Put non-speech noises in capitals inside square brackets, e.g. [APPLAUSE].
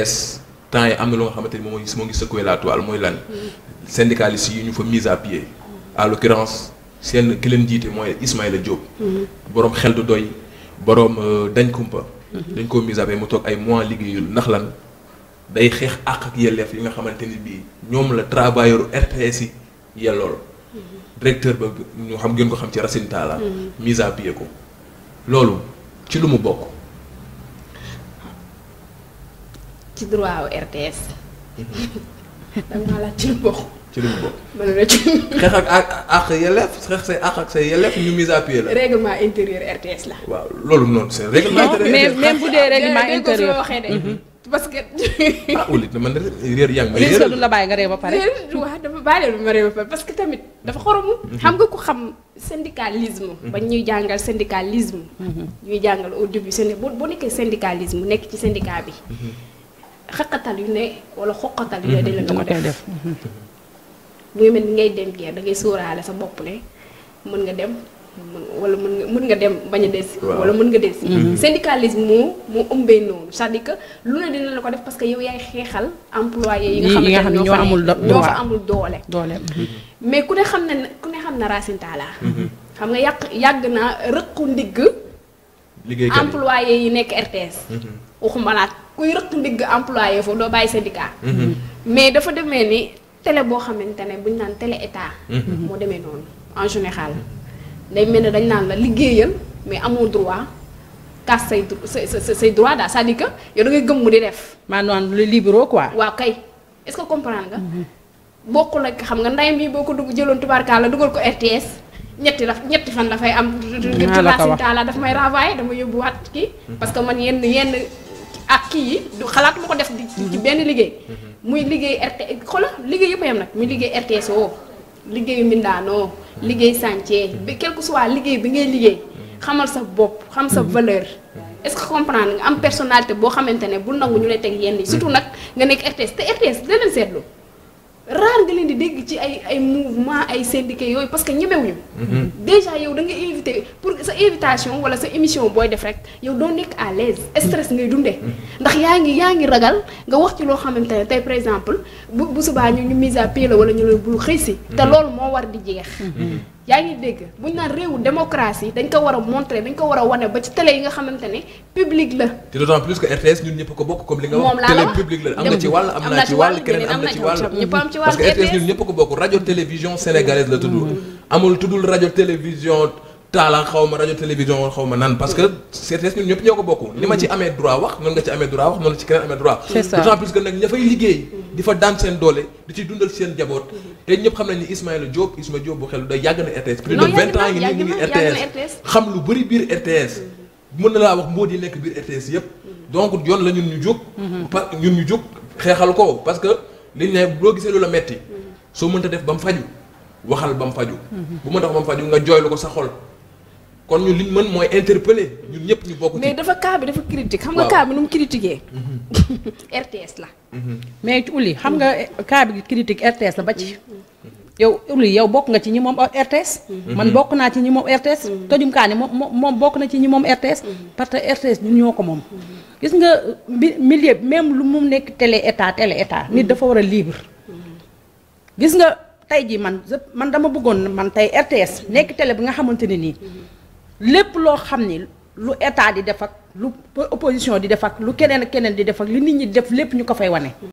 es temps yi am na loo xamante ni moom mooy moo ngi secouer la toile mooy lan syndicalistes yi ñu fa mise à pied à l'occurrence seen ki leen mooy mooy la Diop mm-hmm. boroom xel du doy boroom euh, dañ kumpa mm-hmm. dañ ko mise à pied mu toog ay mois liggéeyul ndax lan day xeex àq ak yelleef yi nga xamante ni bii ñoom la travailleur RTS yi yellool mm-hmm. directeur ba ñu xam ngeen ko xam ci Racine Talla mise à pied ko loolu ci lu mu bokk ci droit wu RTS. Mhm. da nga ci lu bokk. ci lu bokk mën na ci. xeex ak ak ak yelleef xeex say ak ak say yelleef ñu mise à la. règlement intérieur RTS la. waaw loolu noonu c'est règlement intérieur mais même bu dee règlement intérieur mhm. parce que. ah wala man de réer yaa ngi may réer du la pare. waaw dafa bàyyi lu ma parce que tamit dafa xoromu. Mhm. xam nga ko xam syndicalisme. bañ ñuy jàngal syndicalisme. ñuy jàngal au début seen boo nekkee syndicalisme nekk ci syndicat bi. xaqatal yu ne wala xoqatal yu ne mhm, dañ la ko def mhm. mu mel ni ngay dem da ngay sóoraale sa bopp ne mën nga dem wala mën nga mën nga dem bañ a des wala mën nga des mhm. syndicalisme moo moo ëmbee noonu c'est-à-dire que lu ne dina la ko def parce que yow yaay xeexal employé yi nga xam ne ñoo amul ñoo fa amul doole doole mais ku ne xam ne ku ne xam na Racine xam nga yàq yàgg naa rëqu ndigg liggéeykat employé yi nekk RTS. Mhm. waxuma laat kuy rëq ndigg employé foofu doo bàyyi syndicat. Mhm. mais dafa demee ni télé boo xamante ne bu ñu naan télé état. Mhm. moo demee noonu en général. day mel ne dañ naan la liggéeyal mais amoo droit casse say say say droit daal c'est-à-dire que yow da ngay gëm di def. maanaam le libéraux quoi. waa kay est-ce que comprendre nga. bokkul ak xam nga ndayam mii boo ko dugg jëloon tubaarkaal la dugal ko RTS. ñetti la ñetti fan la fay am. maa taala daf may renvoyer dama yóbbuwaat kii. Mhm. parce que man yenn yenn ak kii yi du xalaat ma ko def. ci mhm. benn liggéey. Mhm. muy liggéey RT xolo liggéey yëpp yam nag muy liggéey RTSO. liggéeyu mbindaanoo liggéey chantier bi quel que soit liggéey bi ngay liggéey. xamal sa bopp xam sa valeur. est-ce que nga am personalité boo xamante ne bu nangu ñu lay teg yenn yi. surtout nag nga nekk RTS te RTS leen seetlu. rare nga leen di dégg ci ay ay mouvement ay syndicat yooyu parce que ñemewuñu. Mhm. déjà yow da nga invité pour sa invitation wala sa émission booy def rek yow doo nekk à l'aise stress ngay dundee. Mhm. ndax yaa ngi yaa ngi ragal nga wax ci loo xamante ne tey par exemple bu bu subaa ñu ñu mise à pied la wala ñu la bu xëy si. Mhm. te loolu moo war di jeex yaa ngi dégg bu ñu naan réewu démocratie dañ ko war a montrer dañ ko war a wane ba ci télé yi nga xamante ne public la. te d'autant plus que RTS ñun ñëpp ko bokk comme li nga wax. télé public la am nga ci wàll am naa ci wàll keneen am na ci wàll. ñëpp am ci wàll parce que RTS ñun ñëpp ko bokk rajo télévision sénégalaise la tudd. Mm. amul tuddul rajo télévision taala xaw ma rajo télévision xawma nan parce que CTS ñun ñep ñoko bokku bokk ma ci amé droit wax noonu nga ci amé droit wax noonu la ci keneen amé droit d'autant plus que nak ñafay fay liggéey di fa daan seen di ci dundal sen jabot té ñep xam nañ ni Ismaël Diop Ismaïla Diop bu xel day yàgg na RTS plus de vingt ans ngi nii ngi RTS xam lu bari bir RTS mën na la wax mbóot yi nekk biir RTS yëpp donc yon la ñun ñu juk mhm. ñun ñu juk xeexal ko parce que liñ ne bo gisé lu la metti mhm. so mën ta def bam faju waxal bam faju mhm. bu ma tax ba mu faju nga joylu ko sa xol kon ñu liñ mën mooy interpeller ñun ñëpp ñu bokk ci mais dafa cas dafa critique xam nga cas nu mu critiqué RTS mhm. [LAUGHS] la mhm. mais uli xam nga cas bi critique RTS la ba ci mhm. yow uli yow bokk nga ci ñi moom RTS man bokk naa ci ñi moom RTS tojum kaa moom bokk na ci ñi moom RTS parce que RTS ñun ñoo ko moom gis nga milieu même lu mu nekk télé état télé état nit dafa war a libre gis nga tey ji man man dama bëggoon man tey RTS nekk télé bi nga xamante ne nii lépp loo xam ni lu état di def ak lu opposition di def lu keneen keneen di def ak li nit ñi def lépp ñu ko fay wane.